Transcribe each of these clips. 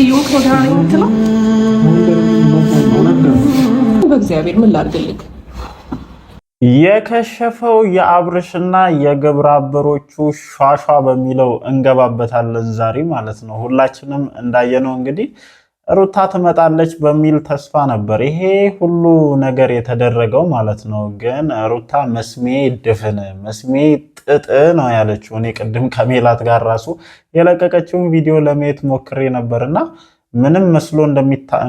እንደዚህ እየወቅት ወደ ነው የምትለው? በእግዚአብሔር ምን ላድርግልህ? የከሸፈው የአብርሽና የግብረ አበሮቹ ሿሿ በሚለው እንገባበታለን ዛሬ ማለት ነው። ሁላችንም እንዳየነው እንግዲህ ሩታ ትመጣለች በሚል ተስፋ ነበር ይሄ ሁሉ ነገር የተደረገው ማለት ነው። ግን ሩታ መስሜ ድፍን መስሜ ጥጥ ነው ያለችው። እኔ ቅድም ከሜላት ጋር ራሱ የለቀቀችውን ቪዲዮ ለማየት ሞክሬ ነበርና ምንም መስሎ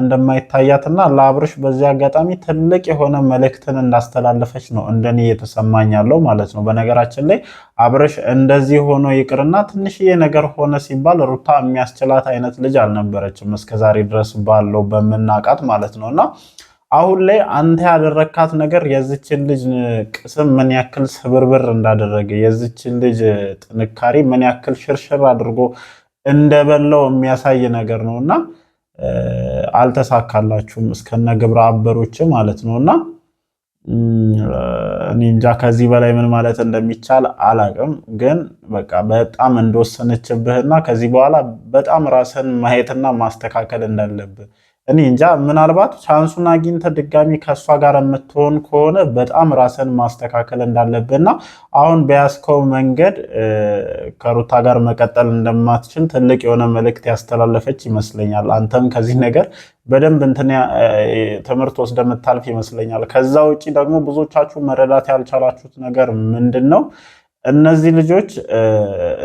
እንደማይታያትና ለአብርሽ በዚህ አጋጣሚ ትልቅ የሆነ መልእክትን እንዳስተላለፈች ነው እንደኔ እየተሰማኝ ያለው ማለት ነው። በነገራችን ላይ አብርሽ እንደዚህ ሆኖ ይቅርና ትንሽዬ ነገር ሆነ ሲባል ሩታ የሚያስችላት አይነት ልጅ አልነበረችም እስከዛሬ ድረስ ባለው በምናቃት ማለት ነው እና አሁን ላይ አንተ ያደረካት ነገር የዚችን ልጅ ቅስም ምን ያክል ስብርብር እንዳደረገ የዚችን ልጅ ጥንካሬ ምን ያክል ሽርሽር አድርጎ እንደበላው የሚያሳይ ነገር ነው እና አልተሳካላችሁም እስከነ ግብረ አበሮች ማለት ነው። እና እኔ እንጃ ከዚህ በላይ ምን ማለት እንደሚቻል አላቅም። ግን በቃ በጣም እንደወሰነችብህና ከዚህ በኋላ በጣም ራስን ማየትና ማስተካከል እንዳለብህ እኔ እንጃ ምናልባት ቻንሱን አግኝተ ድጋሚ ከእሷ ጋር የምትሆን ከሆነ በጣም ራስን ማስተካከል እንዳለብህና አሁን በያዝከው መንገድ ከሩታ ጋር መቀጠል እንደማትችል ትልቅ የሆነ መልእክት ያስተላለፈች ይመስለኛል። አንተም ከዚህ ነገር በደንብ እንትን ትምህርት ወስደ የምታልፍ ይመስለኛል። ከዛ ውጭ ደግሞ ብዙዎቻችሁ መረዳት ያልቻላችሁት ነገር ምንድን ነው? እነዚህ ልጆች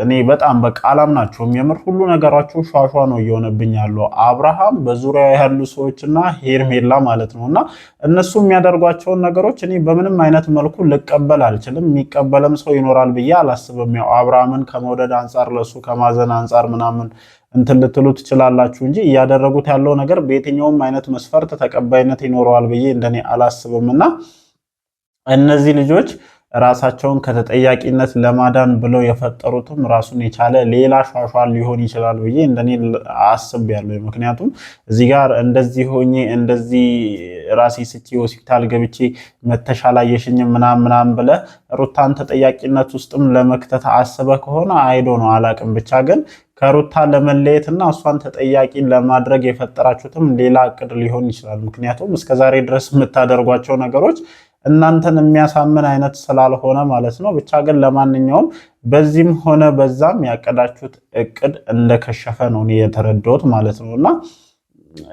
እኔ በጣም በቃ ናቸው የምር ሁሉ ነገራቸው ሿሿ ነው እየሆነብኝ ያለው። አብርሃም በዙሪያ ያሉ ሰዎችና ሄርሜላ ማለት ነው። እና እነሱ የሚያደርጓቸውን ነገሮች እኔ በምንም አይነት መልኩ ልቀበል አልችልም። የሚቀበልም ሰው ይኖራል ብዬ አላስብም። ያው አብርሃምን ከመውደድ አንጻር፣ ለሱ ከማዘን አንጻር ምናምን እንትን ልትሉ ትችላላችሁ እንጂ እያደረጉት ያለው ነገር በየትኛውም አይነት መስፈርት ተቀባይነት ይኖረዋል ብዬ እንደኔ አላስብም እና እነዚህ ልጆች ራሳቸውን ከተጠያቂነት ለማዳን ብለው የፈጠሩትም ራሱን የቻለ ሌላ ሿሿል ሊሆን ይችላል ብዬ እንደኔ አስቤያለሁ። ምክንያቱም እዚህ ጋር እንደዚህ ሆኜ እንደዚህ ራሴ ስቼ ሆስፒታል ገብቼ መተሻል የሽኝ ምናም ምናም ብለ ሩታን ተጠያቂነት ውስጥም ለመክተት አስበ ከሆነ አይዶ ነው አላቅም። ብቻ ግን ከሩታ ለመለየት እና እሷን ተጠያቂ ለማድረግ የፈጠራችሁትም ሌላ እቅድ ሊሆን ይችላል። ምክንያቱም እስከዛሬ ድረስ የምታደርጓቸው ነገሮች እናንተን የሚያሳምን አይነት ስላልሆነ ማለት ነው። ብቻ ግን ለማንኛውም በዚህም ሆነ በዛም ያቀዳችሁት እቅድ እንደከሸፈ ነው እኔ የተረዳሁት ማለት ነው። እና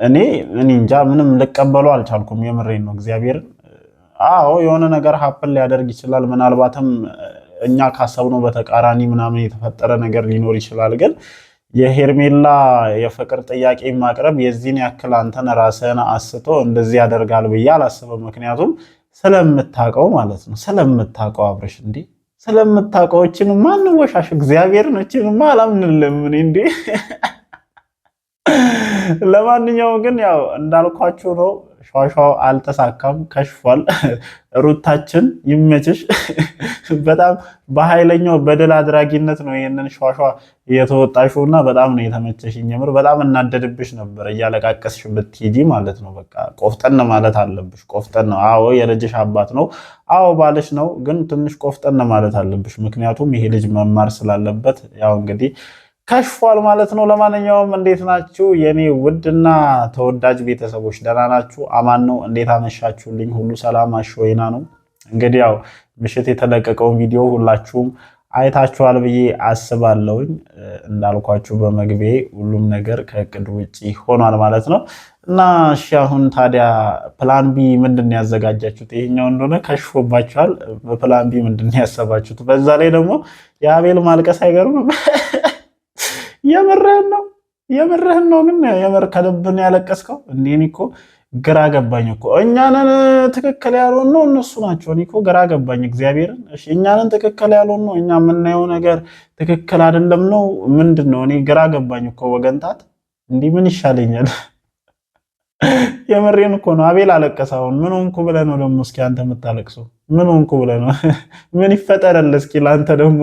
እኔ እኔ እንጃ ምንም ልቀበሉ አልቻልኩም። የምሬን ነው እግዚአብሔር። አዎ የሆነ ነገር ሀፕን ሊያደርግ ይችላል። ምናልባትም እኛ ካሰብነው በተቃራኒ ምናምን የተፈጠረ ነገር ሊኖር ይችላል ግን የሄርሜላ የፍቅር ጥያቄ ማቅረብ የዚህን ያክል አንተን ራስህን አስቶ እንደዚህ ያደርጋል ብዬ አላስበ ምክንያቱም ስለምታውቀው ማለት ነው። ስለምታውቀው አብረሽ እንዴ ስለምታውቀው እችንማ አንወሻሽ እግዚአብሔርን እችንማ አላምንልም እኔ እንዴ ለማንኛውም ግን ያው እንዳልኳችሁ ነው። ሸዋሸዋው አልተሳካም፣ ከሽፏል። ሩታችን ይመችሽ። በጣም በኃይለኛው በድል አድራጊነት ነው ይህንን ሸዋሸዋ የተወጣሽው እና በጣም ነው የተመቸሽኝ። የምር በጣም እናደድብሽ ነበር እያለቃቀስሽ ብትሄጂ ማለት ነው። በቃ ቆፍጠን ማለት አለብሽ። ቆፍጠን ነው። አዎ የልጅሽ አባት ነው። አዎ ባልሽ ነው። ግን ትንሽ ቆፍጠን ማለት አለብሽ። ምክንያቱም ይሄ ልጅ መማር ስላለበት ያው እንግዲህ ከሽፏል ማለት ነው። ለማንኛውም እንዴት ናችሁ የኔ ውድና ተወዳጅ ቤተሰቦች? ደህና ናችሁ? አማን ነው? እንዴት አመሻችሁልኝ? ሁሉ ሰላም አሽወይና ነው። እንግዲህ ያው ምሽት የተለቀቀውን ቪዲዮ ሁላችሁም አይታችኋል ብዬ አስባለሁኝ። እንዳልኳችሁ በመግቤ ሁሉም ነገር ከእቅድ ውጭ ሆኗል ማለት ነው እና እሺ፣ አሁን ታዲያ ፕላን ቢ ምንድን ነው ያዘጋጃችሁት? ይሄኛው እንደሆነ ከሽፎባችኋል። በፕላን ቢ ምንድን ነው ያሰባችሁት? በዛ ላይ ደግሞ የአቤል ማልቀስ አይገርምም? የምርህን ነው የምርህን ነው ግን የምር ከልብን ያለቀስከው? እንዴ እኔ እኮ ግራ ገባኝ እኮ እኛንን ትክክል ያልሆን ነው እነሱ ናቸው። እኔ እኮ ግራ ገባኝ እግዚአብሔርን። እሺ እኛንን ትክክል ያልሆን ነው እኛ የምናየው ነገር ትክክል አይደለም ነው ምንድን ነው? እኔ ግራ ገባኝ እኮ ወገንታት። እንዲህ ምን ይሻለኛል? የምሬን እኮ ነው። አቤል አለቀሰ። አሁን ምን ሆንኩ ብለህ ነው ደግሞ? እስኪ አንተ የምታለቅሰው ምን ሆንኩ ብለህ ነው? ምን ይፈጠራል? እስኪ ለአንተ ደግሞ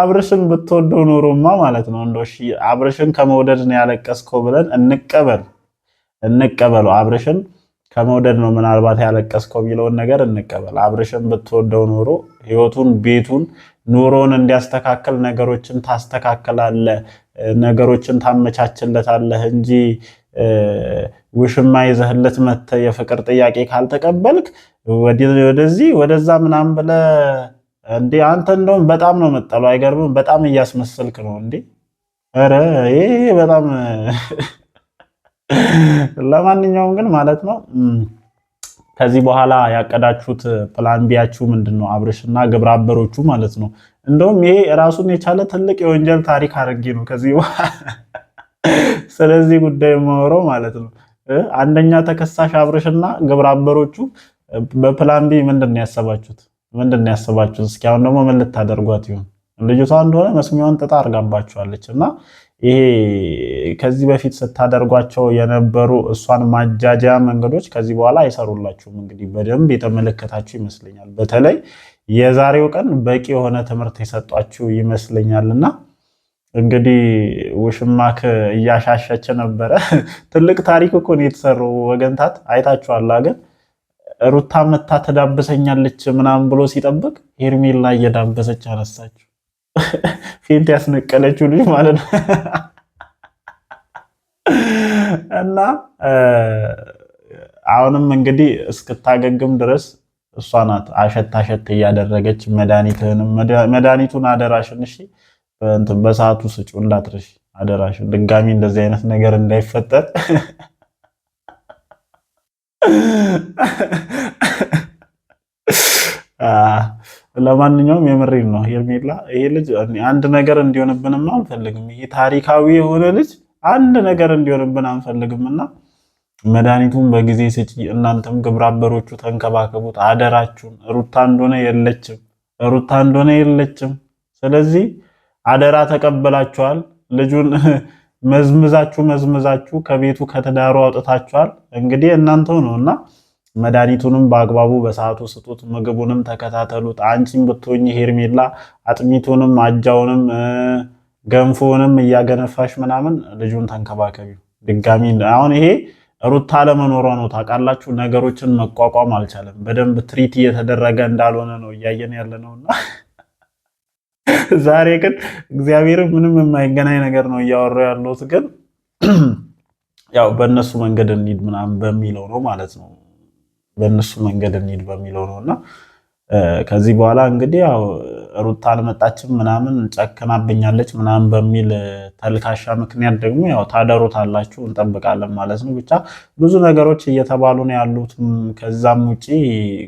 አብርሽን ብትወደው ኖሮማ ማለት ነው እንዶሽ አብርሽን ከመውደድ ነው ያለቀስከው ብለን እንቀበል እንቀበሉ አብርሽን ከመውደድ ነው ምናልባት ያለቀስከው የሚለውን ነገር እንቀበል። አብርሽን ብትወደው ኖሮ ህይወቱን፣ ቤቱን፣ ኑሮውን እንዲያስተካክል ነገሮችን ታስተካክላለህ፣ ነገሮችን ታመቻችለታለህ እንጂ ውሽማ ይዘህለት መተህ የፍቅር ጥያቄ ካልተቀበልክ ወደዚህ ወደዛ ምናምን ብለህ እንዴ አንተ እንደውም በጣም ነው የምጠለው። አይገርምም? በጣም እያስመሰልክ ነው እንዴ! ኧረ ይሄ በጣም ለማንኛውም ግን ማለት ነው ከዚህ በኋላ ያቀዳችሁት ፕላን ቢያችሁ ምንድን ነው? አብርሽ እና ግብረ አበሮቹ ማለት ነው። እንደውም ይሄ ራሱን የቻለ ትልቅ የወንጀል ታሪክ አድርጌ ነው ከዚህ ስለዚህ ጉዳይ የማወራው ማለት ነው። አንደኛ ተከሳሽ አብረሽና ግብረ አበሮቹ በፕላን ቢ ምንድን ነው ያሰባችሁት? ምንድን ነው ያስባችሁት? እስኪ አሁን ደግሞ ምን ልታደርጓት ይሆን? ልጅቷ እንደሆነ መስሚያዋን ጥጣ አርጋባችኋለች እና ይሄ ከዚህ በፊት ስታደርጓቸው የነበሩ እሷን ማጃጃ መንገዶች ከዚህ በኋላ አይሰሩላችሁም። እንግዲህ በደንብ የተመለከታችሁ ይመስለኛል። በተለይ የዛሬው ቀን በቂ የሆነ ትምህርት የሰጧችሁ ይመስለኛልና እንግዲህ ውሽማክ እያሻሸች ነበረ። ትልቅ ታሪክ እኮ ነው የተሰሩ ወገንታት አይታችኋላ ግን ሩታ መታ ተዳበሰኛለች ምናምን ብሎ ሲጠብቅ ሄርሜላ እየዳበሰች አነሳችው። ፌንት ያስነቀለችው ልጅ ማለት ነው። እና አሁንም እንግዲህ እስክታገግም ድረስ እሷ ናት አሸት አሸት እያደረገች መድኃኒትህንም መድኃኒቱን አደራሽን እሺ በሰዓቱ ስጩ እንዳትረሽ አደራሽን። ድጋሚ እንደዚህ አይነት ነገር እንዳይፈጠር ለማንኛውም የምሬን ነው ሄርሜላ፣ ይሄ ልጅ አንድ ነገር እንዲሆንብንም አንፈልግም። ይሄ ታሪካዊ የሆነ ልጅ አንድ ነገር እንዲሆንብን አንፈልግም እና መድኃኒቱን በጊዜ ስጪ። እናንተም ግብረ ተንከባከቡት፣ አደራችሁን። ሩታ እንደሆነ የለችም፣ ሩታ እንደሆነ የለችም። ስለዚህ አደራ ተቀበላችኋል። ልጁን መዝምዛችሁ መዝምዛችሁ ከቤቱ ከተዳሩ አውጥታችኋል። እንግዲህ እናንተው ነው እና መድኃኒቱንም በአግባቡ በሰዓቱ ስጡት። ምግቡንም ተከታተሉት። አንቺም ብትሆኝ ሄርሜላ አጥሚቱንም፣ አጃውንም፣ ገንፎንም እያገነፋሽ ምናምን ልጁን ተንከባከቢው። ድጋሚ አሁን ይሄ ሩታ ለመኖሯ ነው። ታውቃላችሁ፣ ነገሮችን መቋቋም አልቻለም። በደንብ ትሪት እየተደረገ እንዳልሆነ ነው እያየን ያለ ነውና ዛሬ ግን እግዚአብሔር ምንም የማይገናኝ ነገር ነው እያወራሁ ያለሁት ግን ያው በእነሱ መንገድ እንሂድ ምናምን በሚለው ነው ማለት ነው። በእነሱ መንገድ እንሂድ በሚለው ነው እና ከዚህ በኋላ እንግዲህ ያው ሩታ አልመጣችም ምናምን ጨክናብኛለች ምናምን በሚል ተልካሻ ምክንያት ደግሞ ያው አላችሁ እንጠብቃለን ማለት ነው። ብቻ ብዙ ነገሮች እየተባሉ ነው ያሉት። ከዛም ውጪ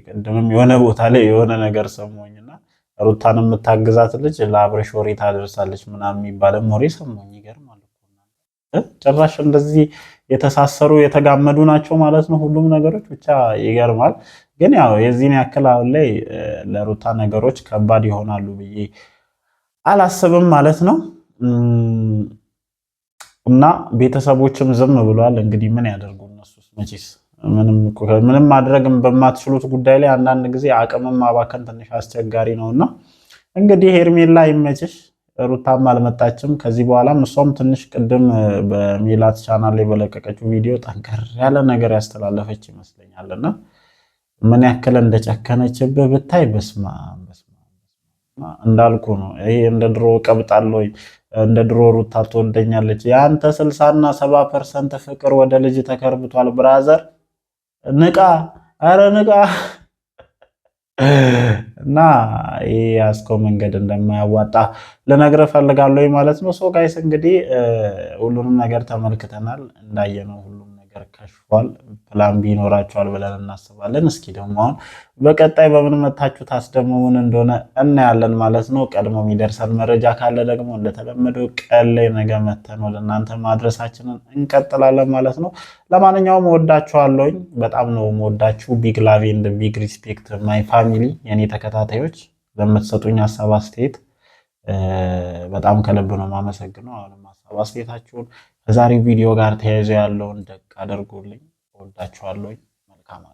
ቅድምም የሆነ ቦታ ላይ የሆነ ነገር ሰሞኝና ሩታን የምታግዛት ልጅ ለአብረሽ ወሬ ታደርሳለች ምናምን የሚባለ ወሬ ሰሞኝ። ይገርማል ጭራሽ እንደዚህ የተሳሰሩ የተጋመዱ ናቸው ማለት ነው። ሁሉም ነገሮች ብቻ ይገርማል። ግን ያው የዚህን ያክል አሁን ላይ ለሩታ ነገሮች ከባድ ይሆናሉ ብዬ አላስብም ማለት ነው። እና ቤተሰቦችም ዝም ብሏል። እንግዲህ ምን ያደርጉ እነሱስ መቼስ ምንም ማድረግም በማትችሉት ጉዳይ ላይ አንዳንድ ጊዜ አቅምም ማባከን ትንሽ አስቸጋሪ ነውና እንግዲህ ሄርሜላ ይመችሽ። ሩታም አልመጣችም። ከዚህ በኋላም እሷም ትንሽ ቅድም በሚላት ቻናል ላይ በለቀቀችው ቪዲዮ ጠንከር ያለ ነገር ያስተላለፈች ይመስለኛልና ምን ያክል እንደጨከነችብህ ብታይ። በስማ እንዳልኩ ነው። ይሄ እንደ ድሮ ቀብጣለሁ እንደ ድሮ ሩታ ትወደኛለች። የአንተ ስልሳና ሰባ ፐርሰንት ፍቅር ወደ ልጅ ተከርብቷል። ብራዘር ንቃ፣ አረ ንቃ። እና ይህ ያስከው መንገድ እንደማያዋጣ ልነግርህ እፈልጋለሁ ማለት ነው። ሶ ጋይስ እንግዲህ ሁሉንም ነገር ተመልክተናል እንዳየነው ሁሉ ነገር ከሽፏል። ፕላን ቢኖራቸዋል ብለን እናስባለን። እስኪ ደግሞ አሁን በቀጣይ በምን መታችሁ ታስደምሙን እንደሆነ እናያለን ማለት ነው። ቀድሞ የሚደርሰን መረጃ ካለ ደግሞ እንደተለመደው ቀን ላይ ነገ መተን ወደ እናንተ ማድረሳችንን እንቀጥላለን ማለት ነው። ለማንኛውም ወዳችኋለሁኝ። በጣም ነው ወዳችሁ። ቢግ ላቪ እንድ ቢግ ሪስፔክት ማይ ፋሚሊ፣ የኔ ተከታታዮች ለምትሰጡኝ ሀሳብ አስተያየት በጣም ከልብ ነው የማመሰግነው። አሁንም ሀሳብ አስተያየታችሁን ከዛሬ ቪዲዮ ጋር ተያይዞ ያለውን ደቅ አድርጉልኝ። እወዳችኋለሁ። መልካም